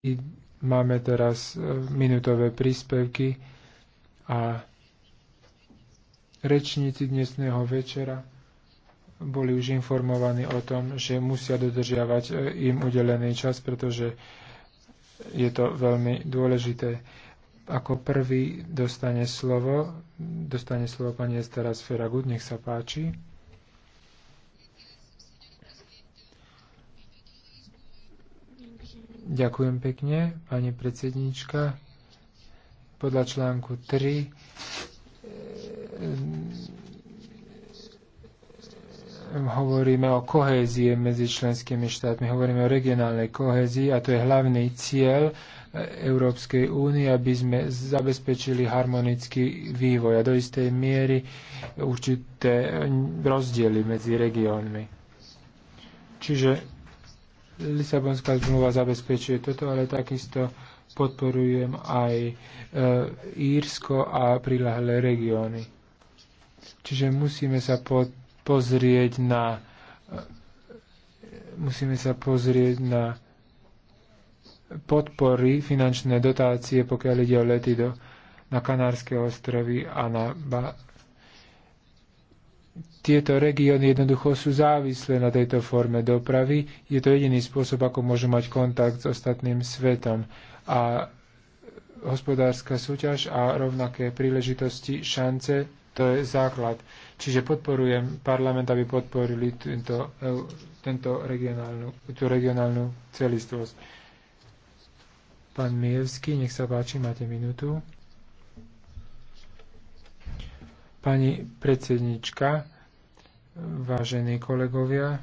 I máme teraz e, minutové príspevky a rečníci dnesného večera boli už informovaní o tom, že musia dodržiavať e, im udelený čas, pretože je to veľmi dôležité. Ako prvý dostane slovo, dostane slovo pani Estera Sferagud, nech sa páči. Ďakujem pekne, pani predsednička. Podľa článku 3 e, hovoríme o kohézie medzi členskými štátmi, hovoríme o regionálnej kohézii a to je hlavný cieľ e, Európskej únie, aby sme zabezpečili harmonický vývoj a do istej miery určité rozdiely medzi regiónmi. Čiže Lisabonská zmluva zabezpečuje toto, ale takisto podporujem aj e, Írsko a prilahlé regióny. Čiže musíme sa po, pozrieť na e, musíme sa pozrieť na podpory, finančné dotácie, pokiaľ ide o lety do, na Kanárske ostrovy a na ba, tieto regióny jednoducho sú závislé na tejto forme dopravy. Je to jediný spôsob, ako môžu mať kontakt s ostatným svetom. A hospodárska súťaž a rovnaké príležitosti, šance, to je základ. Čiže podporujem parlament, aby podporili tento, tento regionálnu, tú regionálnu celistvosť. Pán Mijevský, nech sa páči, máte minútu. Pani predsednička, vážení kolegovia,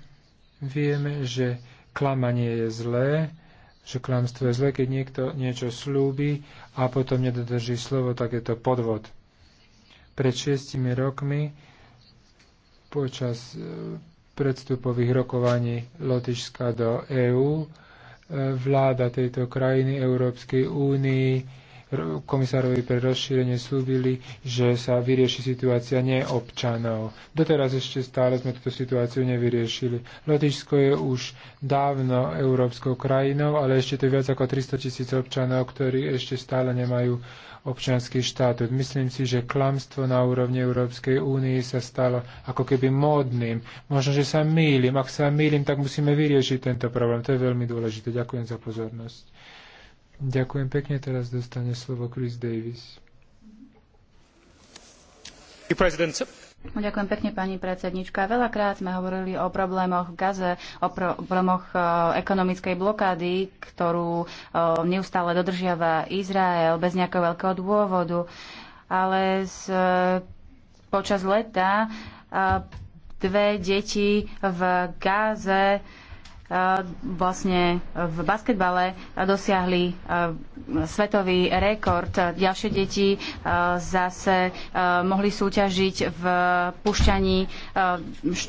vieme, že klamanie je zlé, že klamstvo je zlé, keď niekto niečo slúbi a potom nedodrží slovo, tak je to podvod. Pred šiestimi rokmi počas e, predstupových rokovaní Lotyšska do EÚ e, vláda tejto krajiny Európskej únii komisárovi pre rozšírenie slúbili, že sa vyrieši situácia neobčanov. Doteraz ešte stále sme túto situáciu nevyriešili. Lotyšsko je už dávno európskou krajinou, ale ešte to je viac ako 300 tisíc občanov, ktorí ešte stále nemajú občianský štát. Myslím si, že klamstvo na úrovni Európskej únie sa stalo ako keby módnym. Možno, že sa mýlim. Ak sa mýlim, tak musíme vyriešiť tento problém. To je veľmi dôležité. Ďakujem za pozornosť. Ďakujem pekne, teraz dostane slovo Chris Davis. Ďakujem pekne, pani predsednička. Veľakrát sme hovorili o problémoch v Gaze, o problémoch e, ekonomickej blokády, ktorú e, neustále dodržiava Izrael bez nejakého veľkého dôvodu. Ale z, e, počas leta dve deti v Gaze Eh, vlastne v basketbale dosiahli eh, svetový rekord. Ďalšie deti eh, zase mohli súťažiť v pušťaní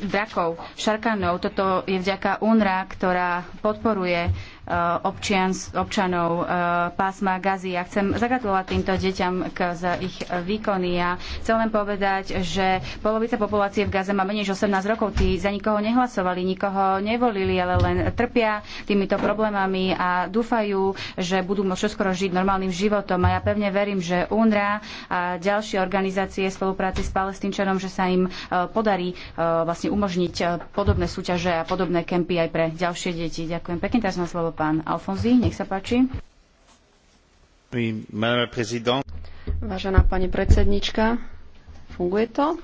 drakov, šarkanov. Toto je vďaka UNRA, ktorá podporuje Eh, občian, občanov eh, pásma Gazy. Ja chcem zagratulovať týmto deťam k, za ich výkony. Ja chcem len povedať, že polovica populácie v Gaze má menej než 18 rokov. Tí za nikoho nehlasovali, nikoho nevolili, ale len trpia týmito problémami a dúfajú, že budú môcť čoskoro žiť normálnym životom. A ja pevne verím, že UNRA a ďalšie organizácie v spolupráci s palestínčanom, že sa im eh, podarí vlastne umožniť podobné súťaže a podobné kempy aj pre ďalšie deti. Ďakujem pekne, teraz na slovo Pán Alfonzi, nech sa páči. Vážená pani predsednička, funguje to?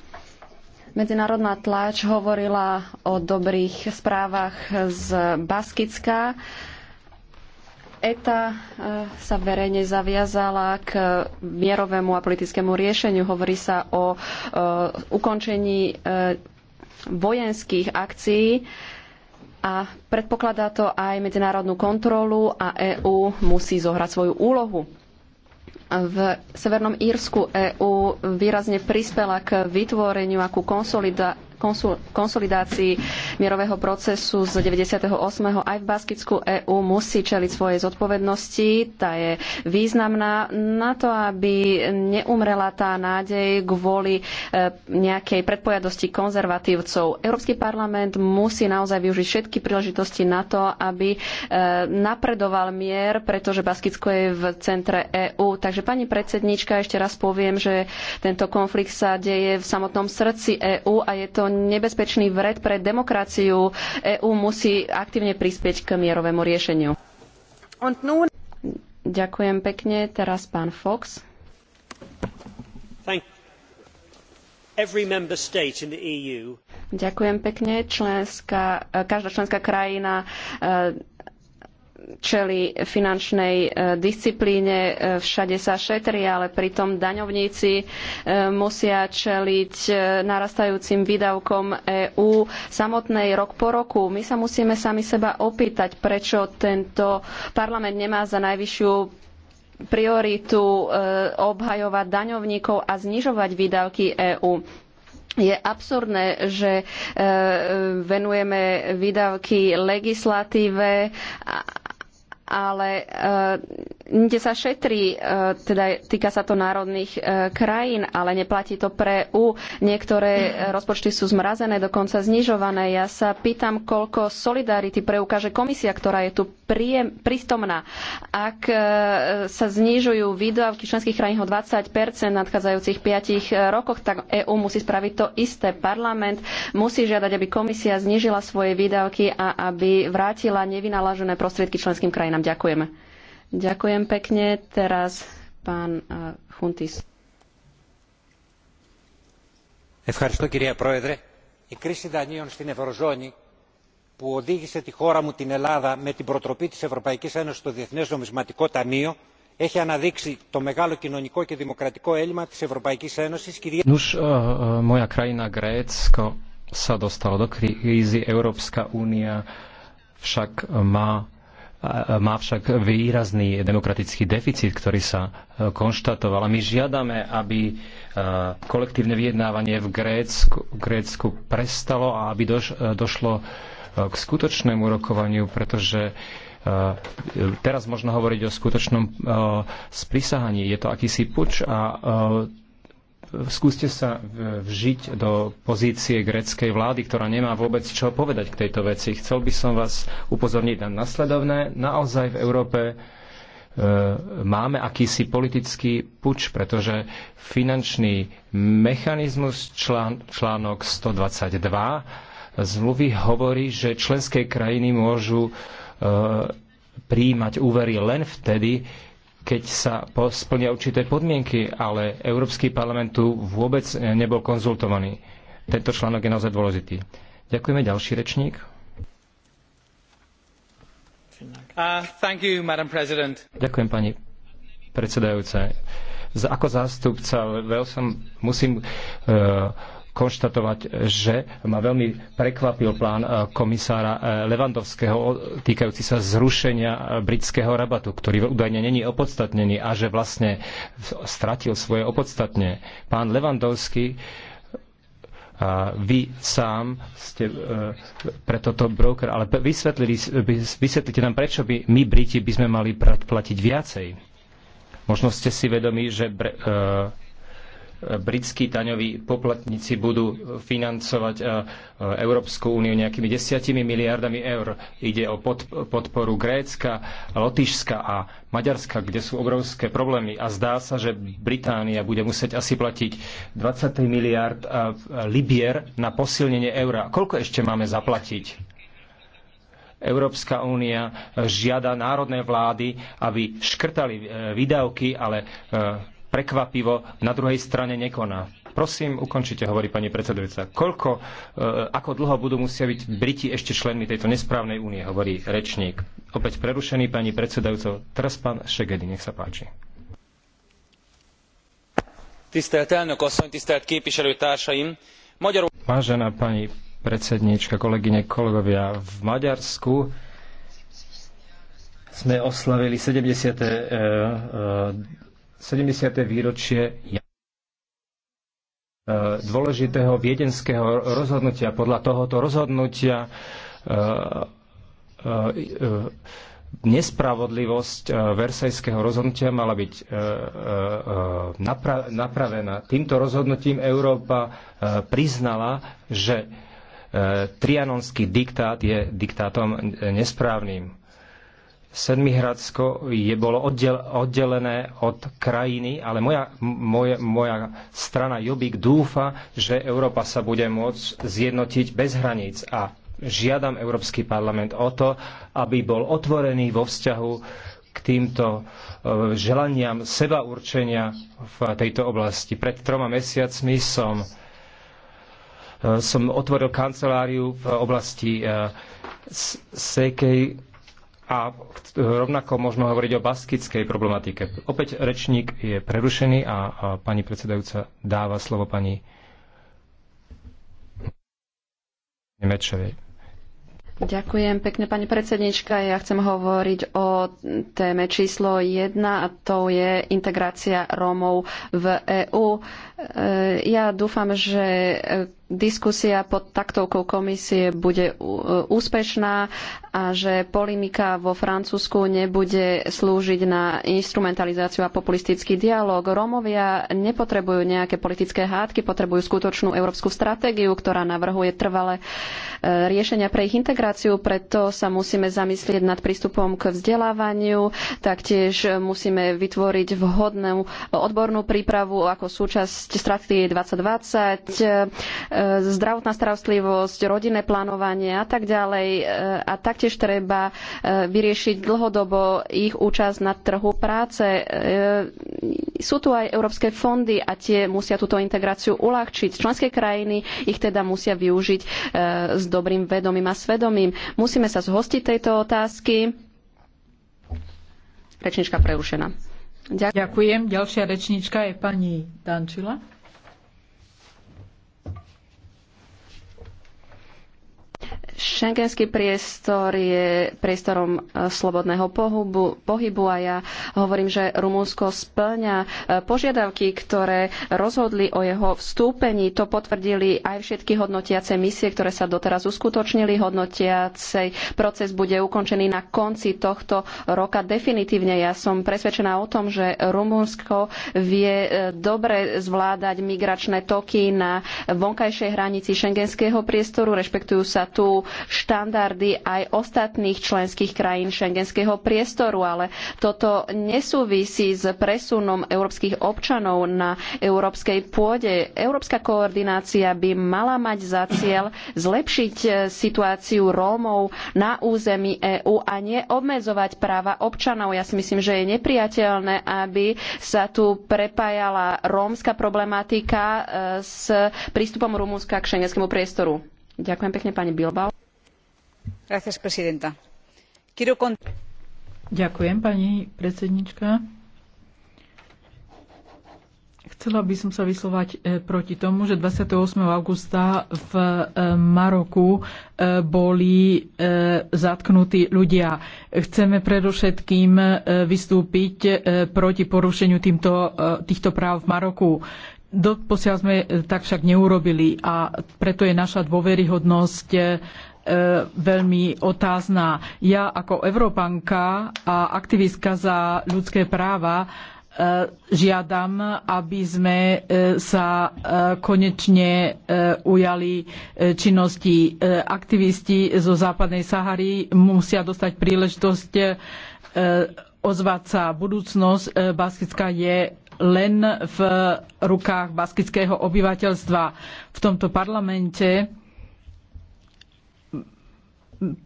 Medzinárodná tlač hovorila o dobrých správach z Baskicka. ETA eh, sa verejne zaviazala k mierovému a politickému riešeniu. Hovorí sa o eh, ukončení eh, vojenských akcií a predpokladá to aj medzinárodnú kontrolu a EÚ musí zohrať svoju úlohu. V Severnom Írsku EÚ výrazne prispela k vytvoreniu a ku konsolida- konsolidácii mierového procesu z 98. aj v Baskicku EÚ musí čeliť svojej zodpovednosti. Tá je významná na to, aby neumrela tá nádej kvôli e, nejakej predpojadosti konzervatívcov. Európsky parlament musí naozaj využiť všetky príležitosti na to, aby e, napredoval mier, pretože Baskicko je v centre EÚ. Takže pani predsednička, ešte raz poviem, že tento konflikt sa deje v samotnom srdci EÚ a je to nebezpečný vred pre demokraciu. EÚ musí aktívne prispieť k mierovému riešeniu. Ďakujem pekne. Teraz pán Fox. E Ďakujem pekne. Členská, e, každá členská krajina e, čeli finančnej e, disciplíne, e, všade sa šetri, ale pritom daňovníci e, musia čeliť narastajúcim výdavkom EÚ samotnej rok po roku. My sa musíme sami seba opýtať, prečo tento parlament nemá za najvyššiu prioritu obhajovať daňovníkov a znižovať výdavky EÚ. Je absurdné, že venujeme výdavky legislatíve ale kde sa šetrí, e, teda týka sa to národných e, krajín, ale neplatí to pre EU. Niektoré e, rozpočty sú zmrazené, dokonca znižované. Ja sa pýtam, koľko solidarity preukáže komisia, ktorá je tu príjem, prístomná. Ak sa znižujú výdavky členských krajín o 20 v nadchádzajúcich 5 rokoch, tak EÚ musí spraviť to isté. Parlament musí žiadať, aby komisia znížila svoje výdavky a aby vrátila nevynaložené prostriedky členským krajinám. Ďakujeme. Ďakujem pekne. Teraz pán eh, Chuntis. Ευχαριστώ κυρία Πρόεδρε. Η κρίση δανείων στην Ευρωζώνη που οδήγησε τη χώρα μου την Ελλάδα με την προτροπή της Ευρωπαϊκής Ένωσης στο Διεθνές Νομισματικό Ταμείο έχει anadíxi to megalo kinoniko ke demokratiko elma tis Evropaikis Enosis kiri... Nuž, moja krajina Grécko sa dostalo do krízy, Európska únia však má má však výrazný demokratický deficit, ktorý sa e, konštatoval. A my žiadame, aby e, kolektívne vyjednávanie v Grécku, Grécku prestalo a aby doš, e, došlo k skutočnému rokovaniu, pretože teraz možno hovoriť o skutočnom sprisahaní. Je to akýsi puč a skúste sa vžiť do pozície greckej vlády, ktorá nemá vôbec čo povedať k tejto veci. Chcel by som vás upozorniť na nasledovné. Naozaj v Európe e, máme akýsi politický puč, pretože finančný mechanizmus člán, článok 122 zmluvy hovorí, že členské krajiny môžu e, príjmať úvery len vtedy, keď sa splnia určité podmienky, ale Európsky parlament tu vôbec eh, nebol konzultovaný. Tento článok je naozaj dôležitý. Ďakujeme. Ďalší rečník. Uh, you, Ďakujem, pani predsedajúca. Ako zástupca som, musím uh, konštatovať, že ma veľmi prekvapil plán e, komisára e, Levandovského týkajúci sa zrušenia e, britského rabatu, ktorý údajne není opodstatnený a že vlastne stratil svoje opodstatne. Pán Levandovský a vy sám ste pre toto broker, ale vysvetlili, vysvetlite nám, prečo by my Briti by sme mali platiť viacej. Možno ste si vedomi, že bre, britskí daňoví poplatníci budú financovať e, e, Európsku úniu nejakými desiatimi miliardami eur. Ide o podporu Grécka, Lotyšska a Maďarska, kde sú obrovské problémy. A zdá sa, že Británia bude musieť asi platiť 23 miliard e, libier na posilnenie eura. Koľko ešte máme zaplatiť? Európska únia žiada národné vlády, aby škrtali výdavky, ale prekvapivo na druhej strane nekoná. Prosím, ukončite, hovorí pani predsedujúca. Koľko, eh, ako dlho budú musia byť Briti ešte členmi tejto nesprávnej únie, hovorí rečník. Opäť prerušený pani predsedajúco, Teraz pán Šegedy, nech sa páči. Tisztelt elnök asszony, tisztelt képviselőtársaim! Magyarul... Mážená pani predsedníčka, kolegyne, kolegovia, v Maďarsku sme oslavili 70. 70. výročie e, dôležitého viedenského rozhodnutia. Podľa tohoto rozhodnutia e, e, nespravodlivosť versajského rozhodnutia mala byť napravená. Týmto rozhodnutím Európa priznala, že trianonský diktát je diktátom nesprávnym. Sedmihradsko je bolo oddelené od krajiny, ale moja, moja, moja strana Jobik dúfa, že Európa sa bude môcť zjednotiť bez hraníc. A žiadam Európsky parlament o to, aby bol otvorený vo vzťahu k týmto želaniam seba určenia v tejto oblasti. Pred troma mesiacmi som, som otvoril kanceláriu v oblasti Sekej a rovnako možno hovoriť o baskickej problematike. Opäť rečník je prerušený a, a pani predsedajúca dáva slovo pani Nemečovej. Ďakujem pekne, pani predsednička. Ja chcem hovoriť o téme číslo 1 a to je integrácia Rómov v EÚ. E, ja dúfam, že diskusia pod taktovkou komisie bude e, úspešná a že polemika vo Francúzsku nebude slúžiť na instrumentalizáciu a populistický dialog. Rómovia nepotrebujú nejaké politické hádky, potrebujú skutočnú európsku stratégiu, ktorá navrhuje trvalé e, riešenia pre ich integráciu, preto sa musíme zamyslieť nad prístupom k vzdelávaniu, taktiež musíme vytvoriť vhodnú odbornú prípravu ako súčasť stratégie 2020 E, zdravotná starostlivosť, rodinné plánovanie a tak ďalej. E, a taktiež treba e, vyriešiť dlhodobo ich účasť na trhu práce. Sú tu aj európske fondy a tie musia túto integráciu uľahčiť. Členské krajiny ich teda musia využiť s dobrým vedomím a svedomím. Musíme sa zhostiť tejto otázky. Rečnička prerušená. Ďakujem. Ďalšia rečnička je pani Dančila. Schengenský priestor je priestorom e, slobodného pohybu, pohybu a ja hovorím, že Rumunsko splňa e, požiadavky, ktoré rozhodli o jeho vstúpení. To potvrdili aj všetky hodnotiace misie, ktoré sa doteraz uskutočnili. Hodnotiacej proces bude ukončený na konci tohto roka definitívne. Ja som presvedčená o tom, že Rumunsko vie e, dobre zvládať migračné toky na vonkajšej hranici šengenského priestoru. Rešpektujú sa tu štandardy aj ostatných členských krajín šengenského priestoru, ale toto nesúvisí s presunom európskych občanov na európskej pôde. Európska koordinácia by mala mať za cieľ zlepšiť eh, situáciu Rómov na území EÚ a neobmedzovať práva občanov. Ja si myslím, že je neprijateľné, aby sa tu prepájala rómska problematika eh, s prístupom Rumúnska k šengenskému priestoru. Ďakujem pekne pani Bilbao. Ďakujem, pani predsednička. Chcela by som sa vyslovať e, proti tomu, že 28. augusta v e, Maroku e, boli zatknutí ľudia. Chceme predovšetkým vystúpiť proti porušeniu týmto, týchto práv v Maroku. Doposiaľ sme tak však neurobili a preto je naša dôveryhodnosť E, veľmi otázna. Ja ako Európanka a aktivistka za ľudské práva e, žiadam, aby sme e, sa konečne ujali činnosti. Aktivisti zo západnej Sahary musia dostať príležitosť ozvať sa. Budúcnosť Baskická je len v rukách baskického obyvateľstva. V tomto parlamente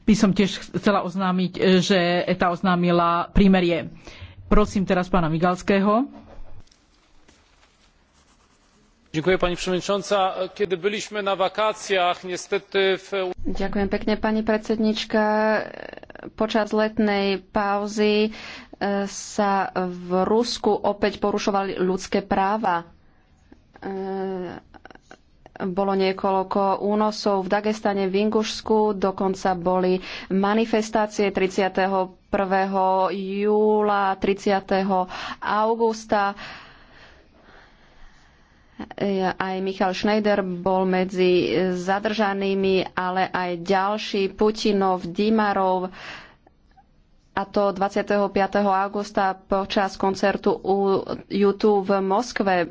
by som tiež chcela oznámiť, e, že ETA oznámila prímerie. Prosím teraz pána Migalského. Dziękuję pani przewodnicząca. Kiedy byliśmy na wakacjach, niestety w... Ďakujem pekne pani predsednička. Počas letnej pauzy e, sa v Rusku opäť porušovali ľudské práva e, bolo niekoľko únosov v Dagestane, v Ingušsku, dokonca boli manifestácie 31. júla, 30. augusta. Aj Michal Schneider bol medzi zadržanými, ale aj ďalší Putinov, Dimarov, a to 25. augusta počas koncertu u YouTube v Moskve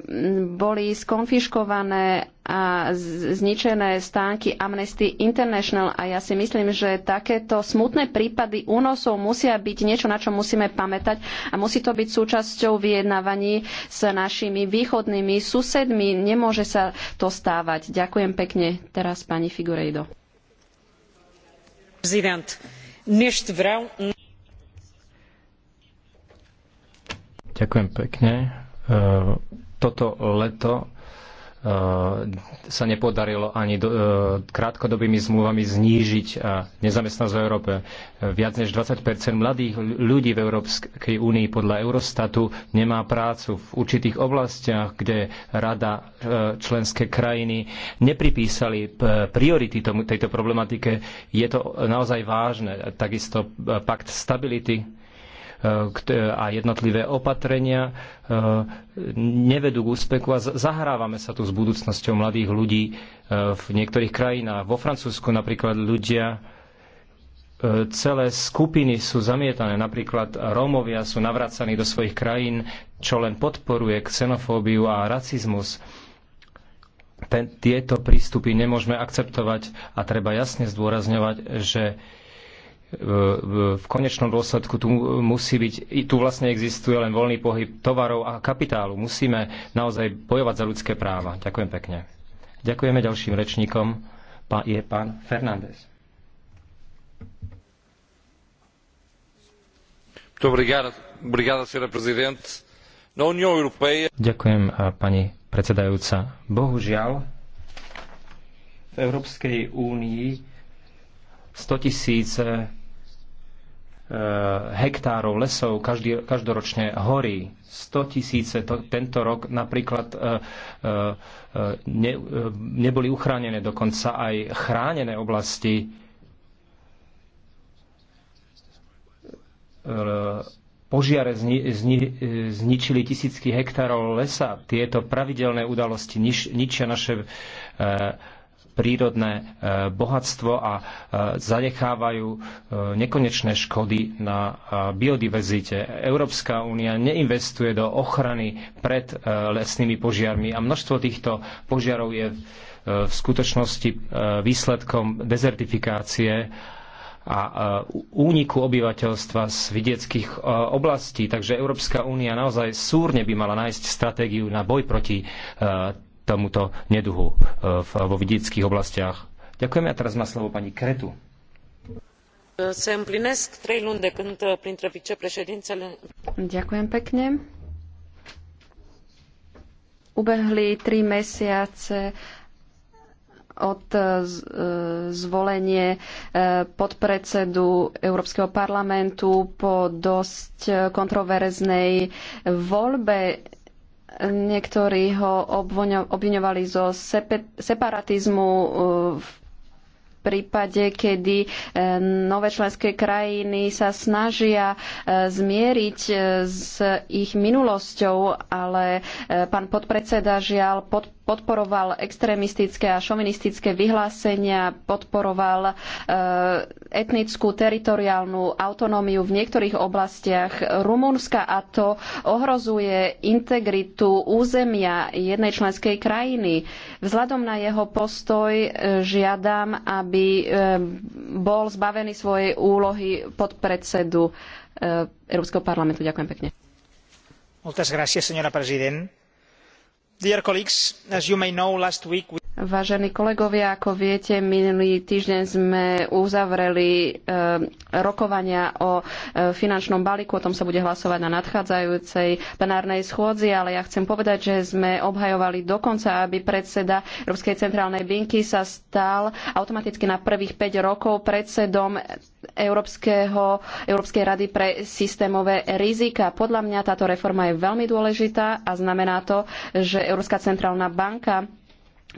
boli skonfiškované a zničené stánky Amnesty International a ja si myslím, že takéto smutné prípady únosov musia byť niečo, na čo musíme pamätať a musí to byť súčasťou vyjednávaní s našimi východnými susedmi. Nemôže sa to stávať. Ďakujem pekne. Teraz pani Figurejdo. Prezident, Ďakujem pekne. E, toto leto e, sa nepodarilo ani do, e, krátkodobými zmluvami znížiť nezamestnanosť v Európe. Viac než 20 mladých ľudí v Európskej únii podľa Eurostatu nemá prácu v určitých oblastiach, kde rada členské krajiny nepripísali priority tomu, tejto problematike. Je to naozaj vážne. Takisto pakt stability Eh, a jednotlivé opatrenia eh, nevedú k úspechu a zahrávame sa tu s budúcnosťou mladých ľudí eh, v niektorých krajinách. Vo Francúzsku napríklad ľudia celé skupiny sú zamietané, napríklad Rómovia sú navracaní do svojich krajín, čo len podporuje xenofóbiu a racizmus. Ten, tieto prístupy nemôžeme akceptovať a treba jasne zdôrazňovať, že v konečnom dôsledku tu musí byť, tu vlastne existuje len voľný pohyb tovarov a kapitálu. Musíme naozaj bojovať za ľudské práva. Ďakujem pekne. Ďakujeme ďalším rečníkom. Pán, je pán Fernández. Ďakujem, pani predsedajúca. Bohužiaľ, v Európskej únii 100 tisíce Eh, hektárov lesov každý, každoročne horí. 100 tisíce to, tento rok napríklad e, e, ne, e, neboli uchránené, dokonca aj chránené oblasti. E, požiare zni, zni, zničili tisícky hektárov lesa. Tieto pravidelné udalosti nič, ničia naše prírodné e, bohatstvo a e, zanechávajú e, nekonečné škody na biodiverzite. Európska únia neinvestuje do ochrany pred lesnými požiarmi a množstvo týchto požiarov je v skutočnosti výsledkom dezertifikácie a úniku obyvateľstva z vidieckých oblastí. Takže Európska únia naozaj súrne by mala nájsť stratégiu na boj proti tomuto neduhu e, vo vidických oblastiach. Ďakujem a teraz má slovo pani Kretu. Se împlinesc trei luni de când printre vicepreședințele... Ďakujem pekne. Ubehli tri mesiace od e, zvolenie e, podpredsedu Európskeho parlamentu po dosť kontroverznej voľbe Niektorí ho obviňovali zo separatizmu e, v prípade, kedy e, nové členské krajiny sa snažia e, zmieriť e, s ich minulosťou, ale pán podpredseda žiaľ pod podporoval extrémistické a šovinistické vyhlásenia, podporoval etnickú teritoriálnu autonómiu v niektorých oblastiach Rumunska a to ohrozuje integritu územia jednej členskej krajiny. Vzhľadom na jeho postoj žiadam, aby aby e, bol zbavený svojej úlohy podpredsedu e, Európskeho parlamentu. Ďakujem pekne. Muchas gracias, señora president. Dear colleagues, as you may know, last week we... Vážení kolegovia, ako viete, minulý týždeň sme uzavreli eh, rokovania o eh, finančnom balíku, o tom sa bude hlasovať na nadchádzajúcej plenárnej schôdzi, ale ja chcem povedať, že sme obhajovali dokonca, aby predseda Európskej centrálnej banky sa stal automaticky na prvých 5 rokov predsedom Európskeho, Európskej rady pre systémové rizika. Podľa mňa táto reforma je veľmi dôležitá a znamená to, že Európska centrálna banka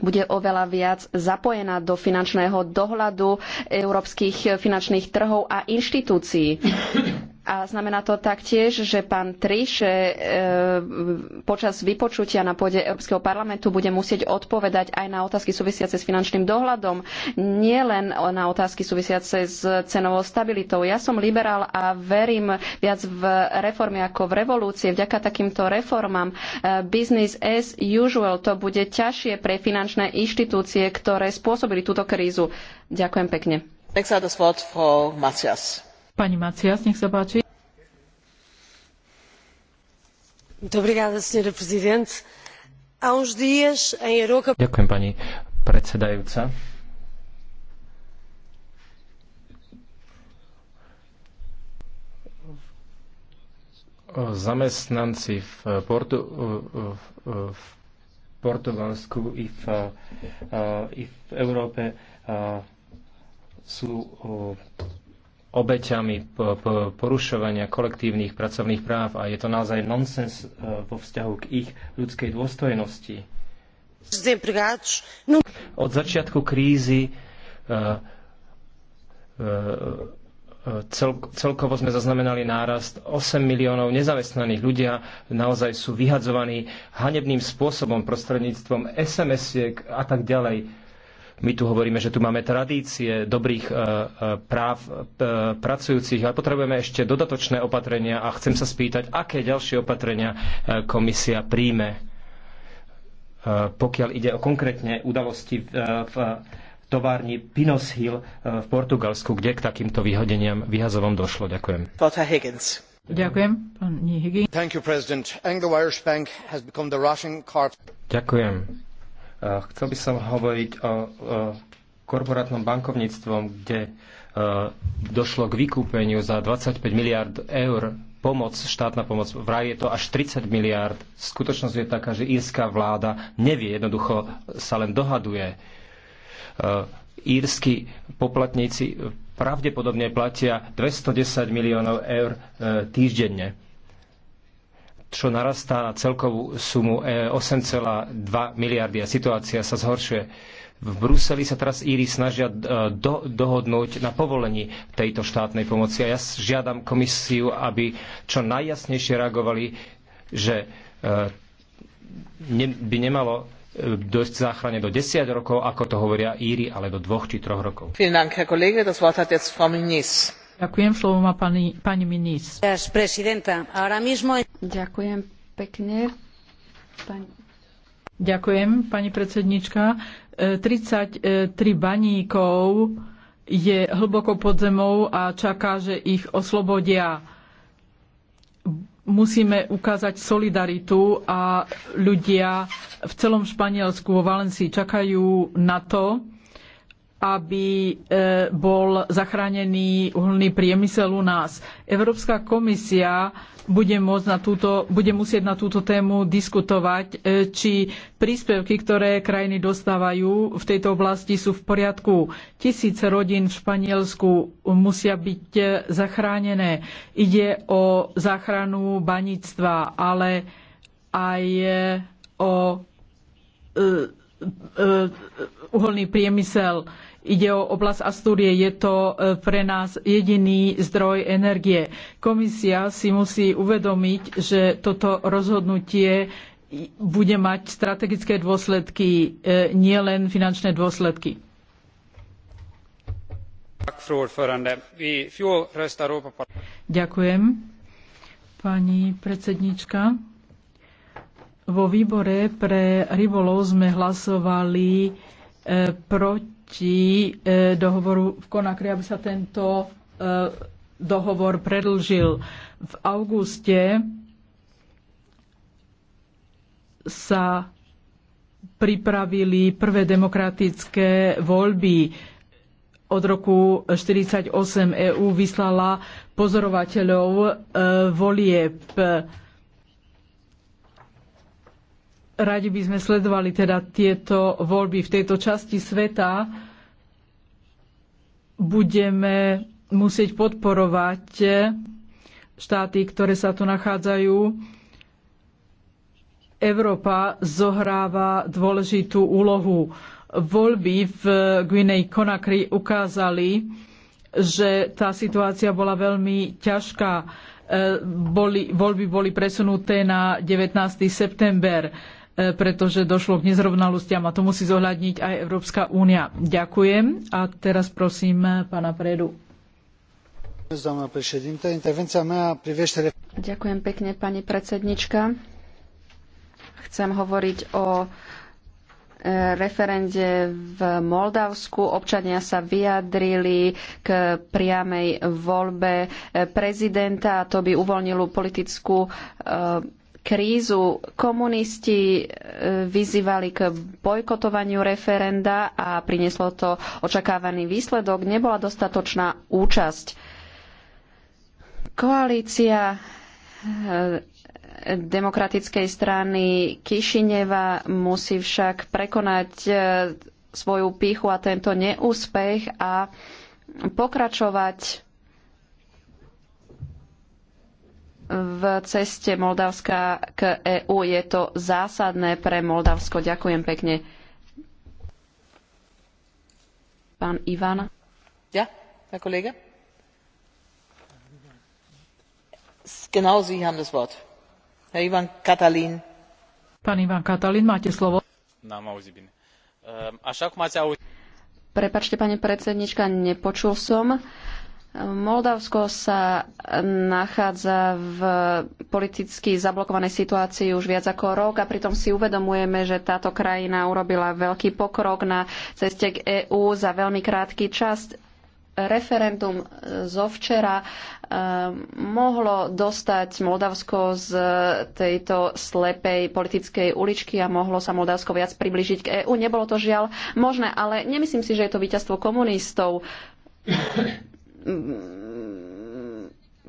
bude oveľa viac zapojená do finančného dohľadu európskych finančných trhov a inštitúcií. A znamená to taktiež, že pán Triš e, e, počas vypočutia na pôde Európskeho parlamentu bude musieť odpovedať aj na otázky súvisiace s finančným dohľadom, nielen na otázky súvisiace s cenovou stabilitou. Ja som liberál a verím viac v reformy ako v revolúcie. Vďaka takýmto reformám e, business as usual to bude ťažšie pre finančné inštitúcie, ktoré spôsobili túto krízu. Ďakujem pekne. Pani Macias, nech sa páči. Ďakujem, pani predsedajúca. zamestnanci v, Portu, v Portugalsku i v, i v Európe sú obeťami porušovania kolektívnych pracovných práv a je to naozaj nonsens e, vo vzťahu k ich ľudskej dôstojnosti. Od začiatku krízy e, e, celkovo sme zaznamenali nárast 8 miliónov nezamestnaných. Ľudia naozaj sú vyhadzovaní hanebným spôsobom prostredníctvom SMS-iek a tak ďalej my tu hovoríme, že tu máme tradície dobrých e, e, práv e, pracujúcich, ale potrebujeme ešte dodatočné opatrenia a chcem sa spýtať, aké ďalšie opatrenia komisia príjme, pokiaľ ide o konkrétne udalosti v továrni Pinos Hill v Portugalsku, kde k takýmto vyhodeniam, vyhazovom došlo. Ďakujem. Ďakujem, Higgins. Ďakujem. Eh, chcel by som hovoriť o korporátnom bankovníctvom, kde eh, došlo k vykúpeniu za 25 miliard eur pomoc, štátna pomoc, vraj je to až 30 miliard. Skutočnosť je taká, že írska vláda nevie, jednoducho sa len dohaduje. Eh, írsky poplatníci pravdepodobne platia 210 miliónov eur týždenne čo narastá na celkovú sumu 8,2 e, miliardy a situácia sa zhoršuje. V Bruseli sa teraz Íri snažia e, do, dohodnúť na povolení tejto štátnej pomoci a ja žiadam komisiu, aby čo najjasnejšie reagovali, že e, ne, by nemalo dojsť záchrane do 10 rokov, ako to hovoria Íri, ale do dvoch či troch rokov. Vielen Dank, Herr Kollege. Das Wort hat jetzt Frau Minis. Ďakujem, slovo má pani, pani Ďakujem Pani... Ďakujem, pani predsednička. 33 e, e, baníkov je hlboko pod zemou a čaká, že ich oslobodia. Musíme ukázať solidaritu a ľudia v celom Španielsku, vo Valencii čakajú na to, aby e, bol zachránený uhlný priemysel u nás. Európska komisia bude, môcť na túto, bude musieť na túto tému diskutovať, e, či príspevky, ktoré krajiny dostávajú v tejto oblasti, sú v poriadku. Tisíce rodín v Španielsku musia byť e, zachránené. Ide o záchranu baníctva, ale aj o uholný priemysel Ide o oblasť Astúrie, je to e, pre nás jediný zdroj energie. Komisia si musí uvedomiť, že toto rozhodnutie bude mať strategické dôsledky, e, nielen finančné dôsledky. Ďakujem, pani predsednička. Vo výbore pre rybolov sme hlasovali e, proti e, dohovoru v Konakry, aby sa tento e, dohovor predlžil. V auguste sa pripravili prvé demokratické voľby. Od roku 1948 EÚ vyslala pozorovateľov e, volieb Radi by sme sledovali teda tieto voľby v tejto časti sveta. Budeme musieť podporovať štáty, ktoré sa tu nachádzajú. Európa zohráva dôležitú úlohu. Voľby v Guinei Conakry ukázali, že tá situácia bola veľmi ťažká. E, boli, voľby boli presunuté na 19. september. E, pretože došlo k nezrovnalostiam a to musí zohľadniť aj Európska únia. Ďakujem a teraz prosím e, pána Predu. Ďakujem pekne, pani predsednička. Chcem hovoriť o e, referende v Moldavsku. Občania sa vyjadrili k priamej voľbe prezidenta a to by uvoľnilo politickú krízu. Komunisti e, vyzývali k bojkotovaniu referenda a prinieslo to očakávaný výsledok. Nebola dostatočná účasť. Koalícia e, demokratickej strany Kišineva musí však prekonať e, svoju píchu a tento neúspech a pokračovať v ceste Moldavska k EÚ. Je to zásadné pre Moldavsko. Ďakujem pekne. Pán Ivan. Ja, pán kolega. Genau, Sie haben das Wort. Herr Ivan Katalin. Pán Ivan Katalin, máte slovo. Ehm, Prepačte, pani predsednička, nepočul som. Uh, Moldavsko sa nachádza v politicky zablokovanej situácii už viac ako rok a pritom si uvedomujeme, že táto krajina urobila veľký pokrok na ceste k EÚ za veľmi krátky čas. Referendum zo včera eh, mohlo dostať Moldavsko z tejto slepej politickej uličky a mohlo sa Moldavsko viac približiť k EÚ. Nebolo to žiaľ možné, ale nemyslím si, že je to víťazstvo komunistov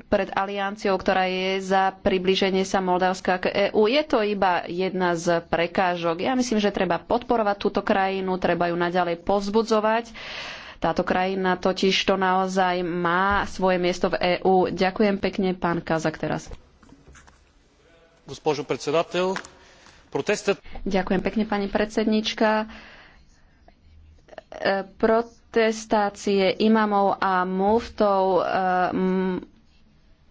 pred alianciou, ktorá je za približenie sa Moldavska k EÚ. Je to iba jedna z prekážok. Ja myslím, že treba podporovať túto krajinu, treba ju naďalej povzbudzovať. Táto krajina totiž to naozaj má svoje miesto v EÚ. Ďakujem pekne, pán Kazak teraz. Ďakujem pekne, pani predsednička. E, atestácie imamov a muftov eh,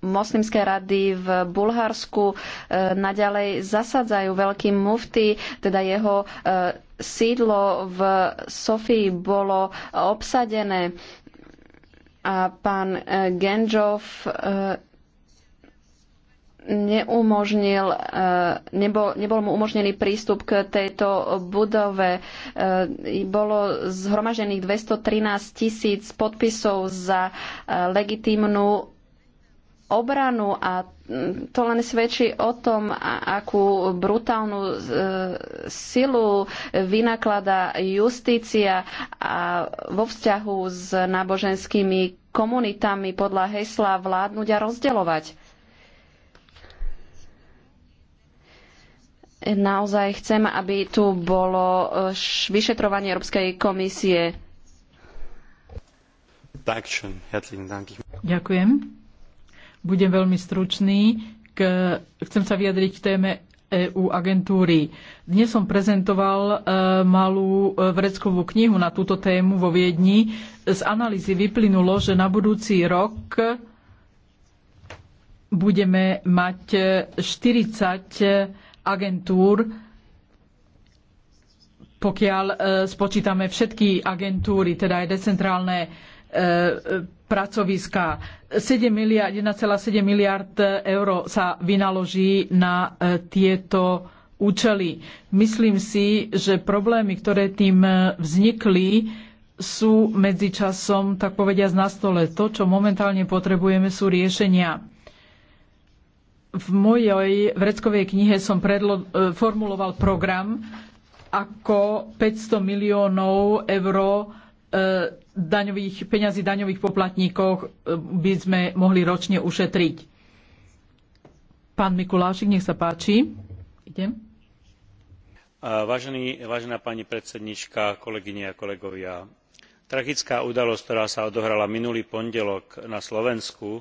moslimské rady v Bulharsku eh, naďalej zasadzajú veľký mufty, teda jeho eh, sídlo v Sofii bolo obsadené a pán Genžov neumožnil, e, nebol, nebol mu umožnený prístup k tejto budove. E, bolo zhromažených 213 tisíc podpisov za e, legitímnu obranu a mm, to len svedčí o tom, akú brutálnu silu vynaklada justícia a vo vzťahu s náboženskými komunitami podľa hesla vládnuť a rozdeľovať. Naozaj chcem, aby tu bolo eh, vyšetrovanie Európskej komisie. Ďakujem. Budem veľmi stručný. chcem sa vyjadriť k téme EU agentúry. Dnes som prezentoval eh, malú eh, vreckovú knihu na túto tému vo Viedni. Z analýzy vyplynulo, že na budúci rok budeme mať 40 agentúr, pokiaľ e, spočítame všetky agentúry, teda aj decentrálne e, e, pracoviská. 7 miliard, 1,7 miliard eur sa vynaloží na tieto účely. Myslím si, že problémy, ktoré tým vznikli, sú medzičasom, tak povediať, na stole. To, čo momentálne potrebujeme, sú riešenia v mojej vreckovej knihe som predlo, e, formuloval program, ako 500 miliónov eur e, daňových, peňazí daňových poplatníkov e, by sme mohli ročne ušetriť. Pán Mikulášik, nech sa páči. Idem. Vážený, vážená pani predsednička, kolegyne a kolegovia, tragická udalosť, ktorá sa odohrala minulý pondelok na Slovensku,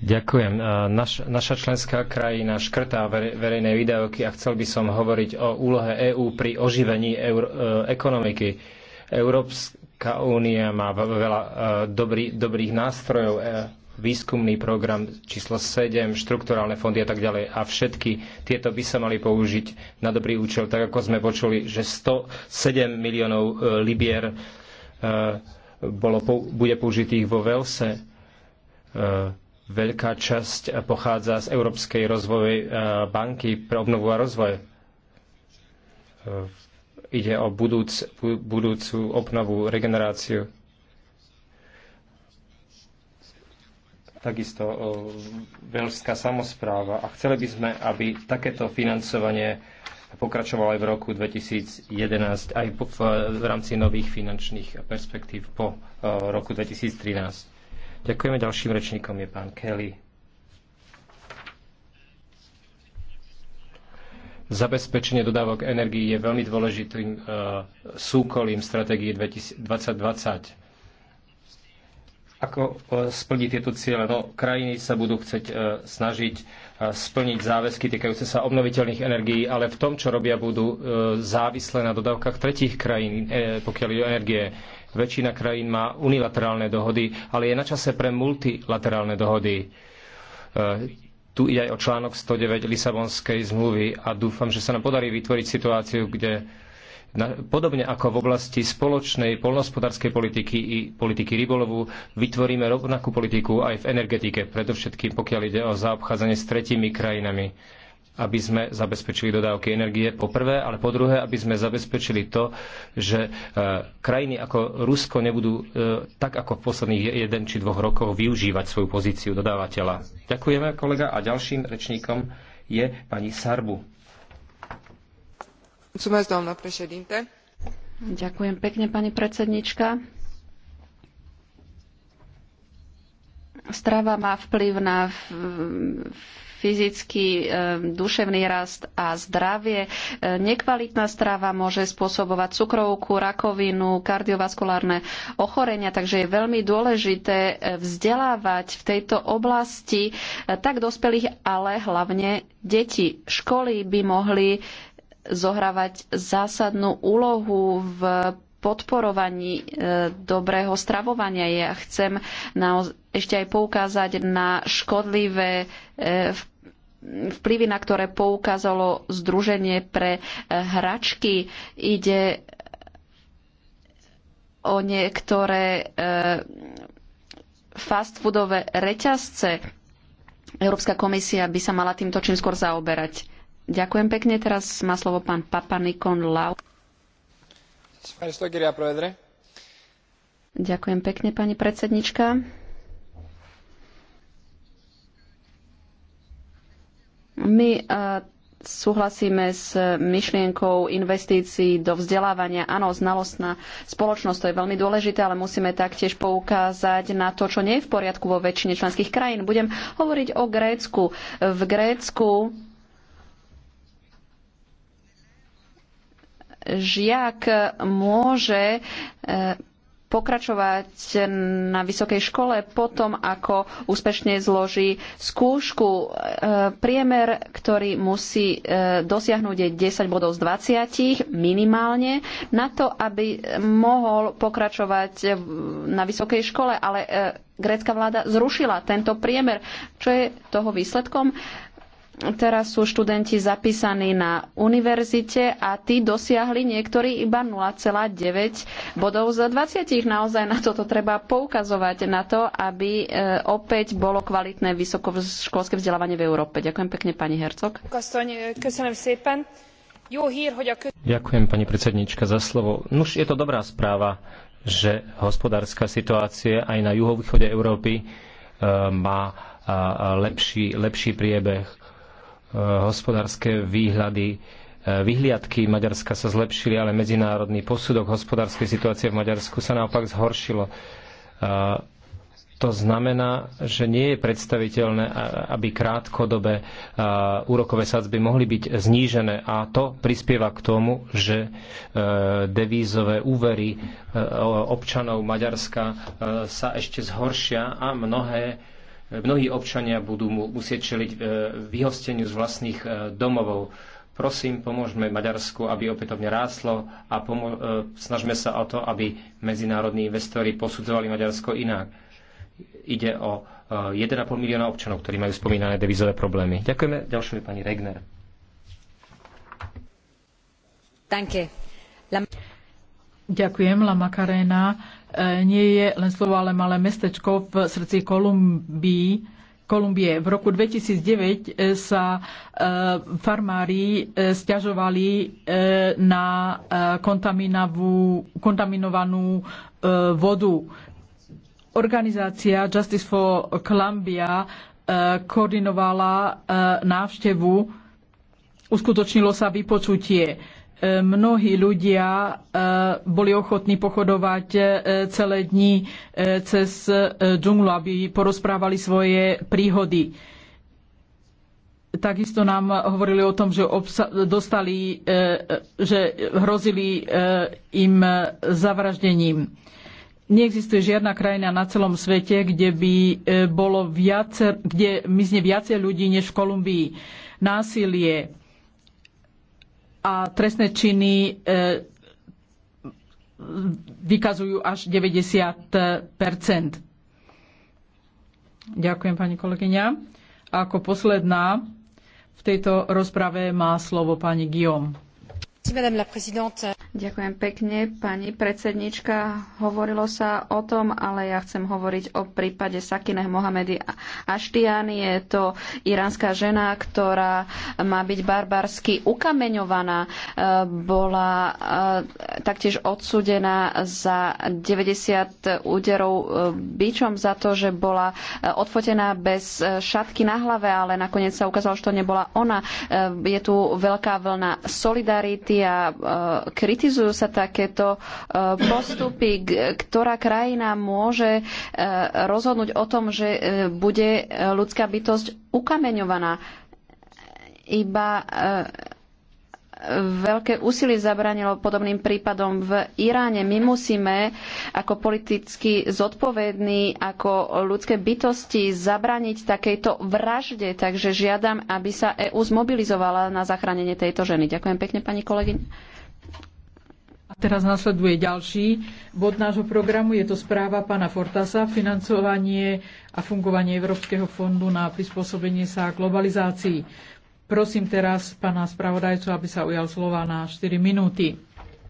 Ďakujem. Naš, naša členská krajina škrtá verejné výdavky a chcel by som hovoriť o úlohe EÚ pri oživení eur, e, ekonomiky. Európska únia má veľa e, dobrý, dobrých nástrojov, e, výskumný program číslo 7, štrukturálne fondy a tak ďalej. A všetky tieto by sa mali použiť na dobrý účel, tak ako sme počuli, že 107 miliónov libier bolo, bude použitých vo Velse Veľká časť pochádza z Európskej rozvojovej eh, banky pre obnovu a rozvoj. Eh, ide o budúc, budúcu obnovu, regeneráciu. Takisto eh, veľská samozpráva. A chceli by sme, aby takéto financovanie pokračovalo aj v roku 2011, aj v rámci nových finančných perspektív po roku 2013. Ďakujeme. Ďalším rečníkom je pán Kelly. Zabezpečenie dodávok energií je veľmi dôležitým uh, súkolím stratégie 2020. Ako e, splniť tieto ciele? No, krajiny sa budú chcieť uh, snažiť uh, splniť záväzky týkajúce sa obnoviteľných energií, ale v tom, čo robia, budú uh, závislé na dodávkach tretích krajín, pokiaľ je o energie Väčšina krajín má unilaterálne dohody, ale je na čase pre multilaterálne dohody. E, tu ide aj o článok 109 Lisabonskej zmluvy a dúfam, že sa nám podarí vytvoriť situáciu, kde podobne ako v oblasti spoločnej poľnohospodárskej politiky i politiky rybolovu, vytvoríme rovnakú politiku aj v energetike, predovšetkým pokiaľ ide o zaobchádzanie s tretími krajinami aby sme zabezpečili dodávky energie po prvé, ale po druhé, aby sme zabezpečili to, že e, krajiny ako Rusko nebudú e, tak ako v posledných jeden či dvoch rokoch využívať svoju pozíciu dodávateľa. Ďakujeme, kolega. A ďalším rečníkom je pani Sarbu. Ďakujem pekne, pani predsednička. Strava má vplyv na fyzický, e, duševný rast a zdravie. E, nekvalitná strava môže spôsobovať cukrovku, rakovinu, kardiovaskulárne ochorenia, takže je veľmi dôležité e, vzdelávať v tejto oblasti tak dospelých, ale hlavne deti. Školy by mohli zohrávať zásadnú úlohu v podporovaní e, dobrého stravovania. Ja chcem ešte aj poukázať na škodlivé e, vplyvy, na ktoré poukázalo Združenie pre e, hračky. Ide o niektoré fast foodové reťazce. Európska komisia by sa mala týmto čím skôr zaoberať. Ďakujem pekne. Teraz má slovo pán Papanikon Nikon Lau. Ďakujem pekne, pani predsednička. My e, súhlasíme s myšlienkou investícií do vzdelávania. Áno, znalostná spoločnosť to je veľmi dôležité, ale musíme taktiež poukázať na to, čo nie je v poriadku vo väčšine členských krajín. Budem hovoriť o Grécku. V Grécku žiak môže e, pokračovať na vysokej škole potom, ako úspešne zloží skúšku. E, priemer, ktorý musí e, dosiahnuť je 10 bodov z 20 minimálne na to, aby mohol pokračovať na vysokej škole, ale grécka vláda zrušila tento priemer. Čo je toho výsledkom? Teraz sú študenti zapísaní na univerzite a tí dosiahli niektorí iba 0,9 bodov z 20. Naozaj na toto treba poukazovať, na to, aby e, opäť bolo kvalitné vysokoškolské vzdelávanie v Európe. Ďakujem pekne, pani Hercog. Ďakujem, pani predsednička, za slovo. Nuž, je to dobrá správa, že hospodárska situácia aj na juhovýchode Európy e, má lepší, lepší priebeh. Eh, hospodárske výhľady eh, vyhliadky Maďarska sa zlepšili, ale medzinárodný posudok hospodárskej situácie v Maďarsku sa naopak zhoršilo. To znamená, že nie je predstaviteľné, aby krátkodobé eh, úrokové sadzby mohli byť znížené a to prispieva k tomu, že devízové úvery občanov Maďarska sa ešte zhoršia a mnohé mnohí občania budú musieť čeliť e, vyhosteniu z vlastných e, domovov. Prosím, pomôžme Maďarsku, aby opätovne ráslo a e, snažme sa o to, aby medzinárodní investori posudzovali Maďarsko inak. Ide o 1,5 milióna občanov, ktorí majú spomínané devizové problémy. Ďakujeme. ďalšie je pani Regner. Danke. Ďakujem, Lama Karena E, nie je len slovo, ale malé mestečko v srdci Kolumbii, Kolumbie. V roku 2009 e, sa e, farmári stiažovali na kontaminovanú vodu. Organizácia Justice for Columbia koordinovala návštevu, uskutočnilo sa vypočutie mnohí ľudia e, boli ochotní pochodovať e, celé dni e, cez džunglu, aby porozprávali svoje príhody. Takisto nám hovorili o tom, že dostali, že hrozili im zavraždením. Neexistuje žiadna krajina na celom svete, kde by bolo viacer, kde mizne viacej ľudí než v Kolumbii. Násilie, a trestné činy e, vykazujú až 90 Ďakujem, pani kolegyňa. A ako posledná v tejto rozprave má slovo pani Guillaume. Ďakujem pekne, pani predsednička. Hovorilo sa o tom, ale ja chcem hovoriť o prípade Sakineh Mohamedy Aštian. Je to iránska žena, ktorá má byť barbarsky ukameňovaná. E, bola e, taktiež odsudená za 90 úderov e, bičom za to, že bola odfotená bez šatky na hlave, ale nakoniec sa ukázalo, že to nebola ona. Je tu veľká vlna solidarity krajiny a e, kritizujú sa takéto e, postupy. Ktorá krajina môže e, rozhodnúť o tom, že bude ľudská bytosť ukameňovaná? Iba veľké úsilie zabranilo podobným prípadom v Iráne. My musíme ako politicky zodpovední, ako ľudské bytosti zabraniť takejto vražde. Takže žiadam, aby sa EÚ zmobilizovala na zachránenie tejto ženy. Ďakujem pekne, pani kolegyňa. A teraz nasleduje ďalší bod nášho programu. Je to správa pána Fortasa, financovanie a fungovanie Európskeho fondu na prispôsobenie sa globalizácii. Prosím teraz pána spravodajcu, aby sa ujal slova na 4 minúty.